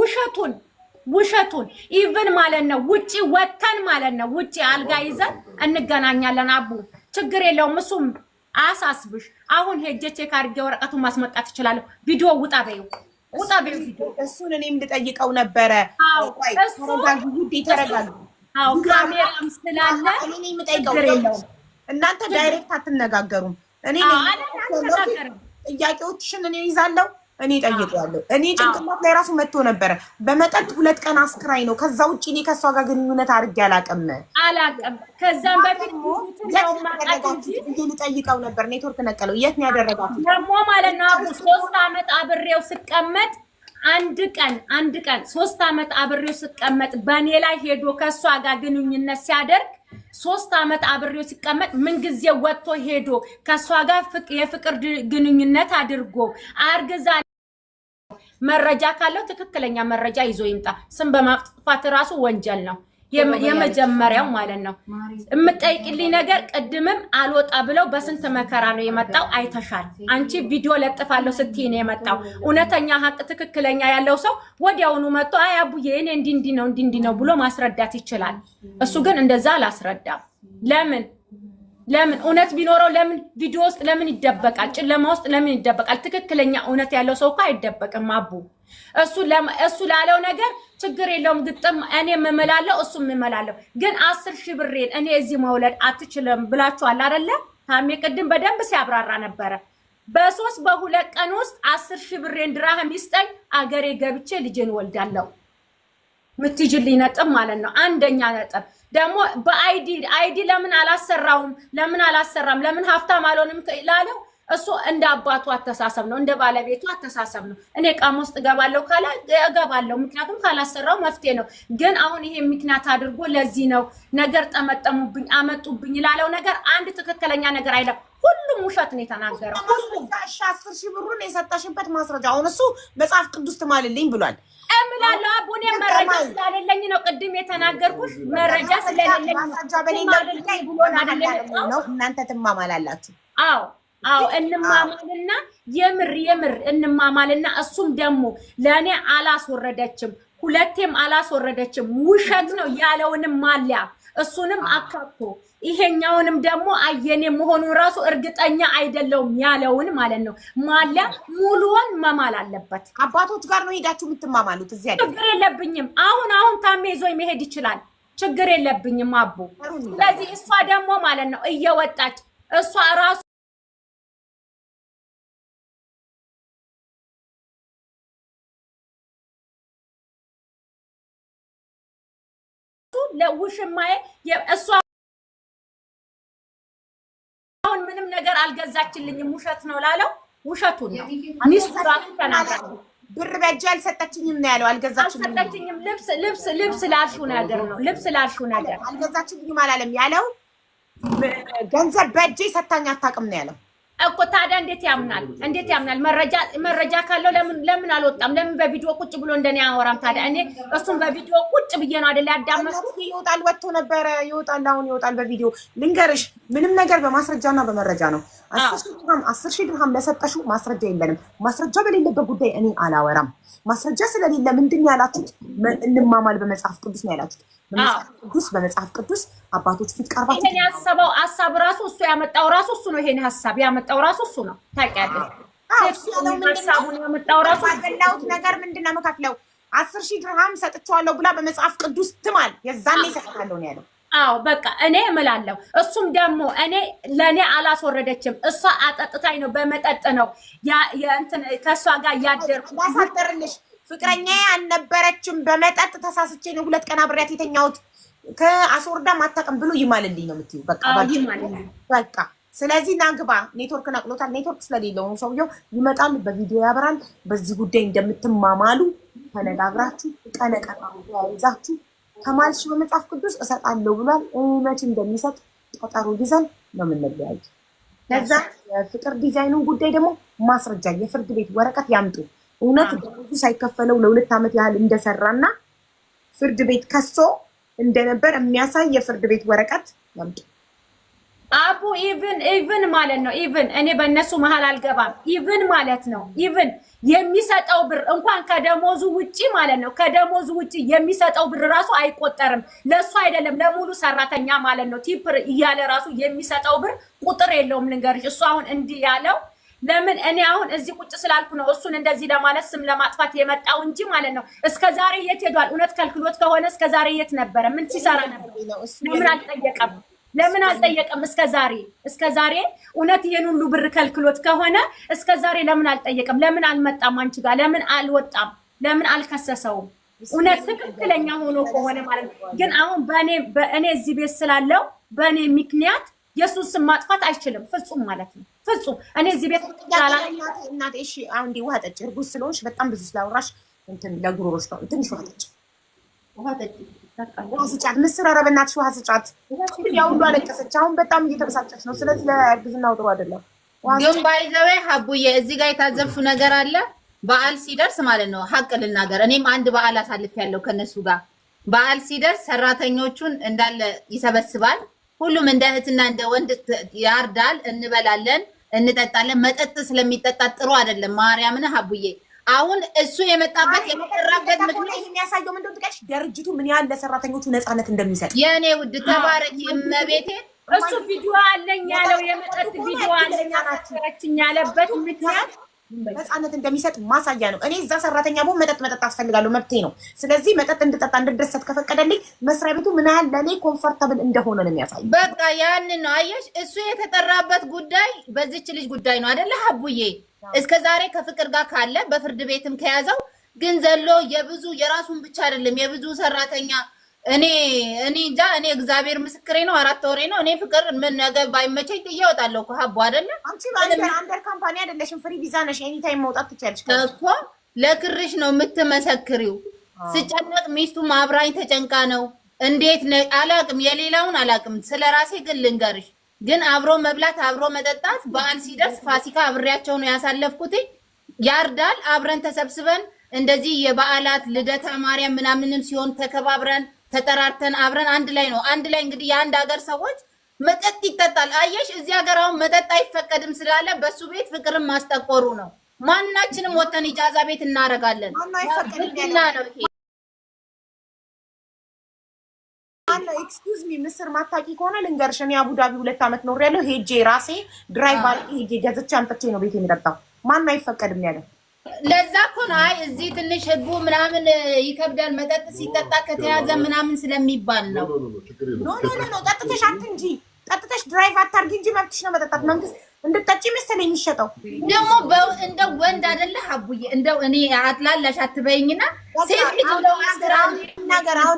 ውሸቱን ውሸቱን ኢቭን ማለት ነው። ውጪ ወጥተን ማለት ነው። ውጪ አልጋ ይዘን እንገናኛለን። አቡ ችግር የለውም እሱም አሳስብሽ። አሁን ሄጄ ቼክ አድርጌ ወረቀቱን ማስመጣት እችላለሁ። ቪዲዮ ውጣ በይው ውጣ በይው። እሱን እኔም ልጠይቀው ነበረ። ካሜራም ስላለ ችግር የለውም። እናንተ ዳይሬክት አትነጋገሩም። እኔ ጥያቄዎችሽን እኔ ይዛለው እኔ ጠይቀዋለሁ። እኔ ጭንቅላት ላይ ራሱ መጥቶ ነበረ። በመጠጥ ሁለት ቀን አስክራይ ነው። ከዛ ውጭ እኔ ከእሷ ጋር ግንኙነት አድርጌ አላቅም አላቅም። ከዛም በፊት ልጠይቀው ነበር። ኔትወርክ ነቀለው። የት ነው ያደረጋችሁ ደግሞ ማለት ነው? አቡ ሶስት አመት አብሬው ስቀመጥ አንድ ቀን አንድ ቀን ሶስት አመት አብሬው ስቀመጥ በእኔ ላይ ሄዶ ከእሷ ጋር ግንኙነት ሲያደርግ ሶስት አመት አብሬው ሲቀመጥ ምንጊዜ ወጥቶ ሄዶ ከእሷ ጋር የፍቅር ግንኙነት አድርጎ አርግዛ መረጃ ካለው ትክክለኛ መረጃ ይዞ ይምጣ። ስም በማጥፋት ራሱ ወንጀል ነው፣ የመጀመሪያው ማለት ነው። የምጠይቅልኝ ነገር ቅድምም አልወጣ ብለው በስንት መከራ ነው የመጣው። አይተሻል አንቺ ቪዲዮ ለጥፋለሁ ስትይ ነው የመጣው። እውነተኛ ሀቅ ትክክለኛ ያለው ሰው ወዲያውኑ መጥቶ አይ አቡዬ እኔ እንዲህ እንዲህ ነው እንዲህ እንዲህ ነው ብሎ ማስረዳት ይችላል። እሱ ግን እንደዛ አላስረዳም። ለምን ለምን እውነት ቢኖረው ለምን ቪዲዮ ውስጥ ለምን ይደበቃል? ጨለማ ውስጥ ለምን ይደበቃል? ትክክለኛ እውነት ያለው ሰው እኮ አይደበቅም። አቡ እሱ ላለው ነገር ችግር የለውም። ግጥም እኔ የምመላለሁ እሱ የምመላለሁ። ግን አስር ሺህ ብሬን እኔ እዚህ መውለድ አትችልም ብላችኋል አይደለ? ታሜ ቅድም በደንብ ሲያብራራ ነበረ። በሶስት በሁለት ቀን ውስጥ አስር ሺህ ብሬን ድራህም ይስጠኝ አገሬ ገብቼ ልጄን ወልዳለሁ። የምትይዥልኝ ነጥብ ማለት ነው። አንደኛ ነጥብ ደግሞ በአይዲ አይዲ ለምን አላሰራውም ለምን አላሰራም ለምን ሀብታም አልሆንም ላለው እሱ እንደ አባቱ አተሳሰብ ነው፣ እንደ ባለቤቱ አተሳሰብ ነው። እኔ ቃም ውስጥ እገባለሁ ካለ እገባለሁ፣ ምክንያቱም ካላሰራው መፍትሄ ነው። ግን አሁን ይሄ ምክንያት አድርጎ ለዚህ ነው ነገር ጠመጠሙብኝ፣ አመጡብኝ ላለው ነገር አንድ ትክክለኛ ነገር አይለም። ሁሉም ውሸት ነው የተናገረው። አስር ሺህ ብሩን የሰጠሽበት ማስረጃ አሁን እሱ መጽሐፍ ቅዱስ ትማልልኝ ብሏል እምላለሁ። አቡኔ መረጃ ስለሌለኝ ነው ቅድም የተናገርኩት መረጃ ስለሌለኝ ነው። እናንተ ትማማላላችሁ። አዎ አዎ እንማማልና የምር የምር እንማማልና እሱም ደግሞ ለእኔ አላስወረደችም፣ ሁለቴም አላስወረደችም። ውሸት ነው ያለውንም ማሊያ እሱንም አካቶ ይሄኛውንም ደግሞ አየኔ መሆኑን ራሱ እርግጠኛ አይደለውም ያለውን ማለት ነው። ማሊያ ሙሉውን መማል አለበት። አባቶች ጋር ነው ሄዳችሁ የምትማማሉት? እዚህ ችግር የለብኝም። አሁን አሁን ታሜ ይዞ መሄድ ይችላል። ችግር የለብኝም አቦ። ስለዚህ እሷ ደግሞ ማለት ነው እየወጣች እሷ ራሱ ለውሽማዬ እሷ አሁን ምንም ነገር አልገዛችልኝም ውሸት ነው ላለው ውሸቱን ነው ሚስቱ ራሱ ተናግራ ብር በእጅ አልሰጠችኝም ነው ያለው። አልገዛችም አልሰጠችኝም። ልብስ ልብስ ልብስ ላልሽው ነገር ነው ልብስ ላልሽው ነገር አልገዛችልኝም አላለም ያለው። ገንዘብ በእጅ ሰታኝ አታውቅም ነው ያለው። እኮ ታዲያ እንዴት ያምናል? እንዴት ያምናል? መረጃ መረጃ ካለው ለምን ለምን አልወጣም? ለምን በቪዲዮ ቁጭ ብሎ እንደኔ አወራም? ታዲያ እኔ እሱም በቪዲዮ ቁጭ ብዬ ነው አይደል ያዳመጥኩት። ይወጣል፣ ወጥቶ ነበረ ይወጣል፣ አሁን ይወጣል በቪዲዮ ልንገርሽ። ምንም ነገር በማስረጃና በመረጃ ነው። አስር ሺህ ድርሃም ለሰጠሹ ማስረጃ የለንም። ማስረጃ በሌለበት ጉዳይ እኔ አላወራም። ማስረጃ ስለሌለ ምንድን ነው ያላችሁት? እንማማል በመጽሐፍ ቅዱስ ነው ያላችሁት። ቅዱስ በመጽሐፍ ቅዱስ አባቶች ፊት ቀርባ ይሄን ያሰበው ሀሳብ ራሱ እሱ ያመጣው ራሱ እሱ ነው። ይሄን ሀሳብ ያመጣው ራሱ እሱ ነው። ታውቂያለሽ፣ ሀሳቡን ያመጣው ራሱ በላሁት ነገር ምንድን ነው የምከፍለው አስር ሺህ ድርሃም ሰጥቼዋለሁ ብላ በመጽሐፍ ቅዱስ ትማል። የዛን ይሰጥታለሁ ነው ያለው። አዎ በቃ እኔ እምላለሁ። እሱም ደግሞ እኔ ለእኔ አላስወረደችም፣ እሷ አጠጥታኝ ነው፣ በመጠጥ ነው ከእሷ ጋር እያደርኩ ያሳጠርልሽ ፍቅረኛ አልነበረችም። በመጠጥ ተሳስቼ ነው ሁለት ቀን አብሬያት የተኛሁት ከአስወርዳ ማታቀም ብሎ ይማልልኝ ነው የምትይው። በቃ በቃ ስለዚህ ናግባ ኔትወርክ ነቅሎታል። ኔትወርክ ስለሌለው ሰውየው ይመጣል፣ በቪዲዮ ያበራል። በዚህ ጉዳይ እንደምትማማሉ ተነጋግራችሁ ቀነ ቀጠሮ ከማልሽ በመጽሐፍ ቅዱስ እሰጣለሁ ብሏል። እውነት እንደሚሰጥ ቀጠሮ ይዘን ነው የምንለያይ። ከዛ የፍቅር ዲዛይኑን ጉዳይ ደግሞ ማስረጃ የፍርድ ቤት ወረቀት ያምጡ። እውነት ደሞዙ ሳይከፈለው ለሁለት ዓመት ያህል እንደሰራና ፍርድ ቤት ከሶ እንደነበር የሚያሳይ የፍርድ ቤት ወረቀት ያምጡ። አቡ ኢቭን ኢቭን ማለት ነው። ኢቭን እኔ በእነሱ መሀል አልገባም። ኢቭን ማለት ነው። ኢቭን የሚሰጠው ብር እንኳን ከደሞዙ ውጪ ማለት ነው። ከደሞዙ ውጪ የሚሰጠው ብር ራሱ አይቆጠርም። ለእሱ አይደለም ለሙሉ ሰራተኛ ማለት ነው። ቲፕር እያለ ራሱ የሚሰጠው ብር ቁጥር የለውም። ልንገርሽ እሱ አሁን እንዲህ ያለው ለምን እኔ አሁን እዚህ ቁጭ ስላልኩ ነው እሱን እንደዚህ ለማለት ስም ለማጥፋት የመጣው እንጂ ማለት ነው። እስከ ዛሬ የት ሄዷል? እውነት ከልክሎት ከሆነ እስከ ዛሬ የት ነበረ? ምን ሲሰራ ነበር? ለምን አልጠየቀም? ለምን አልጠየቀም? እስከ ዛሬ እስከ ዛሬ እውነት ይህን ሁሉ ብር ከልክሎት ከሆነ እስከ ዛሬ ለምን አልጠየቀም? ለምን አልመጣም? አንቺ ጋር ለምን አልወጣም? ለምን አልከሰሰውም? እውነት ትክክለኛ ሆኖ ከሆነ ማለት ነው። ግን አሁን በእኔ በእኔ እዚህ ቤት ስላለው በእኔ ምክንያት የእሱን ስም ማጥፋት አይችልም ፍጹም ማለት ነው። ፍጹም እኔ እዚህ ቤት እናቴ፣ እሺ አንዴ ውሃ ጠጪ። እርጉዝ ስለሆንሽ በጣም ብዙ ስላወራሽ እንትን ለጉሮሮሽ ነው። ትንሽ ውሃ ጠጪ፣ ውሃ ጠጪ፣ ውሃ ስጫት። ምስር ኧረ በእናትሽ ውሃ ስጫት። ያው ሁሉ አለቀሰች። አሁን በጣም እየተበሳጨች ነው። ስለዚህ ለእርግዝናው ጥሩ አይደለም። ግን ባይዘዌ ሀቡዬ እዚህ ጋር የታዘብሽው ነገር አለ። በዓል ሲደርስ ማለት ነው ሀቅ ልናገር፣ እኔም አንድ በዓል አሳልፍ ያለው ከእነሱ ጋር በዓል ሲደርስ ሰራተኞቹን እንዳለ ይሰበስባል ሁሉም እንደ እህትና እንደ ወንድ ያርዳል። እንበላለን፣ እንጠጣለን። መጠጥ ስለሚጠጣ ጥሩ አይደለም። ማርያምን ሀቡዬ አሁን እሱ የመጣበት የመጠራበት ምክንያት የሚያሳየው ምንድን ጥቀሽ ድርጅቱ ምን ያህል ለሰራተኞቹ ነፃነት እንደሚሰጥ የእኔ ውድ ተባረኪ መቤቴ። እሱ ቪዲዮ አለኝ ያለው የመጠጥ ቪዲዮ አለኝ ያለበት ምክንያት ነፃነት እንደሚሰጥ ማሳያ ነው። እኔ እዛ ሰራተኛ ቦ መጠጥ መጠጥ አስፈልጋለሁ፣ መብቴ ነው። ስለዚህ መጠጥ እንድጠጣ እንድደሰት ከፈቀደልኝ መስሪያ ቤቱ ምን ያህል ለእኔ ኮምፎርታብል እንደሆነ ነው የሚያሳይ። በቃ ያንን ነው አየሽ። እሱ የተጠራበት ጉዳይ በዚች ልጅ ጉዳይ ነው አደለ ሀቡዬ? እስከ ዛሬ ከፍቅር ጋር ካለ በፍርድ ቤትም ከያዘው ግን ዘሎ የብዙ የራሱን ብቻ አይደለም የብዙ ሰራተኛ እኔ እኔ እንጃ እኔ እግዚአብሔር ምስክሬ ነው። አራት ወሬ ነው። እኔ ፍቅር ምን ነገ ባይመቸኝ ጥዬ እወጣለሁ እኮ ሀቦ አይደለ አንቺ አንደር ካምፓኒ አይደለሽም። ፍሪ ቪዛ ነሽ። ኤኒ ታይም መውጣት ትችያለሽ እኮ ለክርሽ ነው የምትመሰክሪው። ስጨነቅ ሚስቱ አብራኝ ተጨንቃ ነው። እንዴት አላቅም፣ የሌላውን አላቅም። ስለ ራሴ ግን ልንገርሽ፣ ግን አብሮ መብላት አብሮ መጠጣት፣ በዓል ሲደርስ ፋሲካ አብሬያቸው ነው ያሳለፍኩት። ያርዳል አብረን ተሰብስበን እንደዚህ የበዓላት ልደተ ማርያም ምናምንም ሲሆን ተከባብረን ተጠራርተን አብረን አንድ ላይ ነው። አንድ ላይ እንግዲህ የአንድ ሀገር ሰዎች መጠጥ ይጠጣል። አየሽ፣ እዚህ ሀገር አሁን መጠጥ አይፈቀድም ስላለ በሱ ቤት ፍቅርን ማስጠቆሩ ነው። ማናችንም ወተን ኢጃዛ ቤት እናደርጋለን። ህግና ነው ይሄ። ኤክስኪውዝ ሚ ምስር ማታቂ ከሆነ ልንገርሽ፣ እኔ አቡዳቢ ሁለት ዓመት ኖሬያለሁ። ሄጄ ራሴ ድራይቭ ሄጄ ገዝቼ አምጥቼ ነው ቤት የሚጠጣው። ማን አይፈቀድም ያለው ለዛ እኮ ነው። አይ እዚህ ትንሽ ህጉ ምናምን ይከብዳል፣ መጠጥ ሲጠጣ ከተያዘ ምናምን ስለሚባል ነው። ኖ ኖ ኖ ጠጥተሽ አትንጂ፣ ጠጥተሽ ድራይቭ አታርጊ እንጂ መብትሽ ነው መጠጣት። መንግስት እንድጠጪ መሰለኝ የሚሸጠው ደግሞ እንደ ወንድ አይደለ አቡዬ፣ እንደው እኔ አጥላላሽ አትበይኝና ሴት ልጅ ነገር አሁን